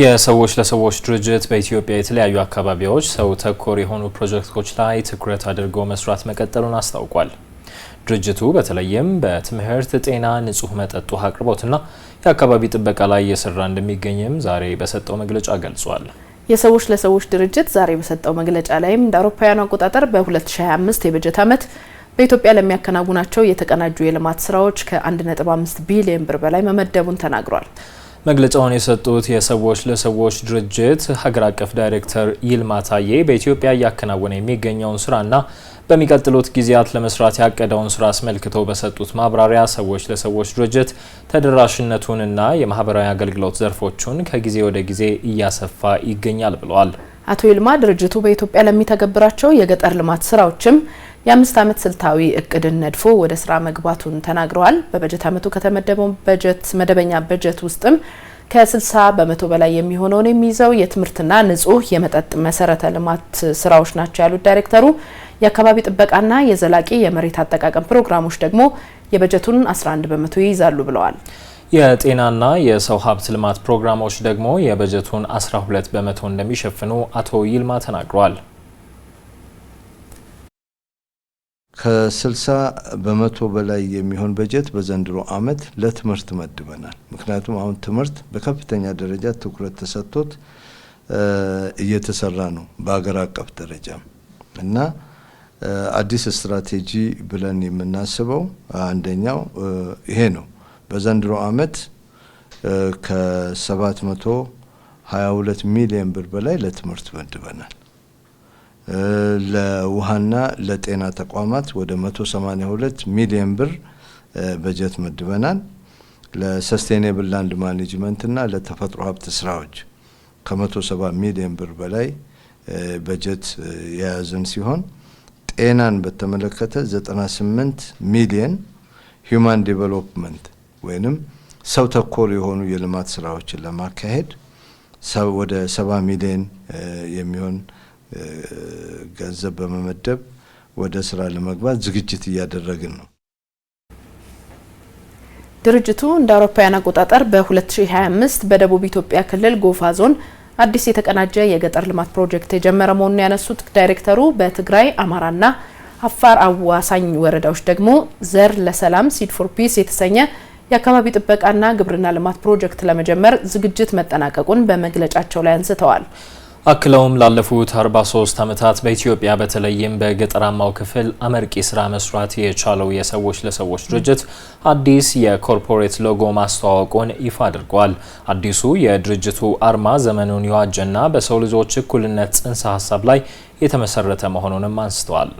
የሰዎች ለሰዎች ድርጅት በኢትዮጵያ የተለያዩ አካባቢዎች ሰው ተኮር የሆኑ ፕሮጀክቶች ላይ ትኩረት አድርጎ መስራት መቀጠሉን አስታውቋል። ድርጅቱ በተለይም በትምህርት፣ ጤና፣ ንጹህ መጠጥ ውሃ አቅርቦትና የአካባቢ ጥበቃ ላይ እየሰራ እንደሚገኝም ዛሬ በሰጠው መግለጫ ገልጿል። የሰዎች ለሰዎች ድርጅት ዛሬ በሰጠው መግለጫ ላይም እንደ አውሮፓውያኑ አቆጣጠር በ2025 የበጀት ዓመት በኢትዮጵያ ለሚያከናውናቸው የተቀናጁ የልማት ስራዎች ከ1.5 ቢሊዮን ብር በላይ መመደቡን ተናግሯል። መግለጫውን የሰጡት የሰዎች ለሰዎች ድርጅት ሀገር አቀፍ ዳይሬክተር ይልማ ታዬ በኢትዮጵያ እያከናወነ የሚገኘውን ስራና በሚቀጥሉት ጊዜያት ለመስራት ያቀደውን ስራ አስመልክተው በሰጡት ማብራሪያ ሰዎች ለሰዎች ድርጅት ተደራሽነቱንና የማህበራዊ አገልግሎት ዘርፎቹን ከጊዜ ወደ ጊዜ እያሰፋ ይገኛል ብለዋል። አቶ ይልማ ድርጅቱ በኢትዮጵያ ለሚተገብራቸው የገጠር ልማት ስራዎችም የአምስት ዓመት ስልታዊ እቅድን ነድፎ ወደ ስራ መግባቱን ተናግረዋል። በበጀት ዓመቱ ከተመደበው በጀት መደበኛ በጀት ውስጥም ከ60 በመቶ በላይ የሚሆነውን የሚይዘው የትምህርትና ንጹህ የመጠጥ መሰረተ ልማት ስራዎች ናቸው ያሉት ዳይሬክተሩ የአካባቢ ጥበቃና የዘላቂ የመሬት አጠቃቀም ፕሮግራሞች ደግሞ የበጀቱን 11 በመቶ ይይዛሉ ብለዋል። የጤናና የሰው ሀብት ልማት ፕሮግራሞች ደግሞ የበጀቱን 12 በመቶ እንደሚሸፍኑ አቶ ይልማ ተናግረዋል። ከ60 በመቶ በላይ የሚሆን በጀት በዘንድሮ ዓመት ለትምህርት መድበናል። ምክንያቱም አሁን ትምህርት በከፍተኛ ደረጃ ትኩረት ተሰጥቶት እየተሰራ ነው በሀገር አቀፍ ደረጃ እና አዲስ ስትራቴጂ ብለን የምናስበው አንደኛው ይሄ ነው። በዘንድሮ ዓመት ከ722 ሚሊዮን ብር በላይ ለትምህርት መድበናል። ለውሃና ለጤና ተቋማት ወደ 182 ሚሊዮን ብር በጀት መድበናል። ለሰስቴኔብል ላንድ ማኔጅመንትና ለተፈጥሮ ሀብት ስራዎች ከ170 ሚሊዮን ብር በላይ በጀት የያዝን ሲሆን ጤናን በተመለከተ 98 ሚሊዮን ሂዩማን ዲቨሎፕመንት ወይንም ሰው ተኮር የሆኑ የልማት ስራዎችን ለማካሄድ ወደ 70 ሚሊዮን የሚሆን ገንዘብ በመመደብ ወደ ስራ ለመግባት ዝግጅት እያደረግን ነው። ድርጅቱ እንደ አውሮፓውያን አቆጣጠር በ2025 በደቡብ ኢትዮጵያ ክልል ጎፋ ዞን አዲስ የተቀናጀ የገጠር ልማት ፕሮጀክት የጀመረ መሆኑን ያነሱት ዳይሬክተሩ በትግራይ አማራና አፋር አዋሳኝ ወረዳዎች ደግሞ ዘር ለሰላም ሲድ ፎር ፒስ የተሰኘ የአካባቢ ጥበቃና ግብርና ልማት ፕሮጀክት ለመጀመር ዝግጅት መጠናቀቁን በመግለጫቸው ላይ አንስተዋል። አክለውም ላለፉት 43 ዓመታት በኢትዮጵያ በተለይም በገጠራማው ክፍል አመርቂ ስራ መስራት የቻለው የሰዎች ለሰዎች ድርጅት አዲስ የኮርፖሬት ሎጎ ማስተዋወቁን ይፋ አድርጓል። አዲሱ የድርጅቱ አርማ ዘመኑን የዋጀና በሰው ልጆች እኩልነት ጽንሰ ሀሳብ ላይ የተመሰረተ መሆኑንም አንስተዋል።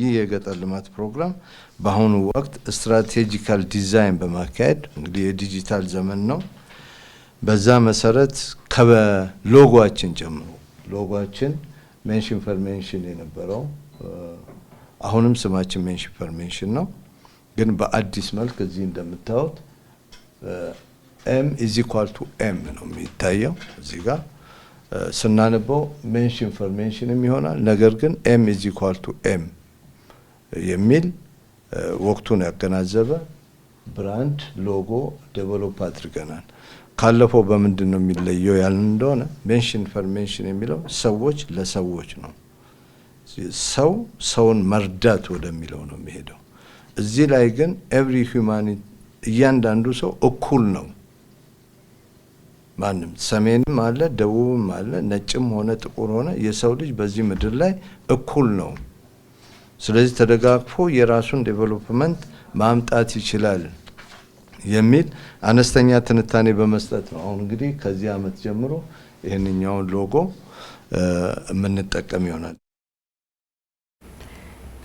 ይህ የገጠር ልማት ፕሮግራም በአሁኑ ወቅት ስትራቴጂካል ዲዛይን በማካሄድ እንግዲህ የዲጂታል ዘመን ነው። በዛ መሰረት ከሎጓችን ጀምሮ ሎጓችን ሜንሽን ፈር ሜንሽን የነበረው አሁንም ስማችን ሜንሽን ፈር ሜንሽን ነው፣ ግን በአዲስ መልክ እዚህ እንደምታዩት ኤም ኢዝ ኢኳል ቱ ኤም ነው የሚታየው እዚህ ጋር ስናነበው ሜንሽን ፈር ሜንሽንም ይሆናል። ነገር ግን ኤም ኢዝ ኢኳል ቱ ኤም የሚል ወቅቱን ያገናዘበ ብራንድ ሎጎ ዴቨሎፕ አድርገናል። ካለፈው በምንድን ነው የሚለየው ያልን እንደሆነ ሜንሽን ፈር ሜንሽን የሚለው ሰዎች ለሰዎች ነው። ሰው ሰውን መርዳት ወደሚለው ነው የሚሄደው። እዚህ ላይ ግን ኤቭሪ ሁማኒቲ እያንዳንዱ ሰው እኩል ነው። ማንም ሰሜንም አለ ደቡብም አለ ነጭም ሆነ ጥቁር ሆነ የሰው ልጅ በዚህ ምድር ላይ እኩል ነው። ስለዚህ ተደጋግፎ የራሱን ዴቨሎፕመንት ማምጣት ይችላል የሚል አነስተኛ ትንታኔ በመስጠት ነው። አሁን እንግዲህ ከዚህ ዓመት ጀምሮ ይህንኛውን ሎጎ የምንጠቀም ይሆናል።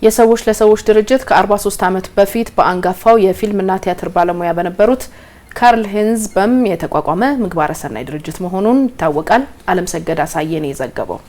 የሰዎች ለሰዎች ድርጅት ከ43 ዓመት በፊት በአንጋፋው የፊልምና ቲያትር ባለሙያ በነበሩት ካርል ሄንዝ በም የተቋቋመ ምግባረ ሰናይ ድርጅት መሆኑን ይታወቃል። አለም ሰገድ አሳየን የዘገበው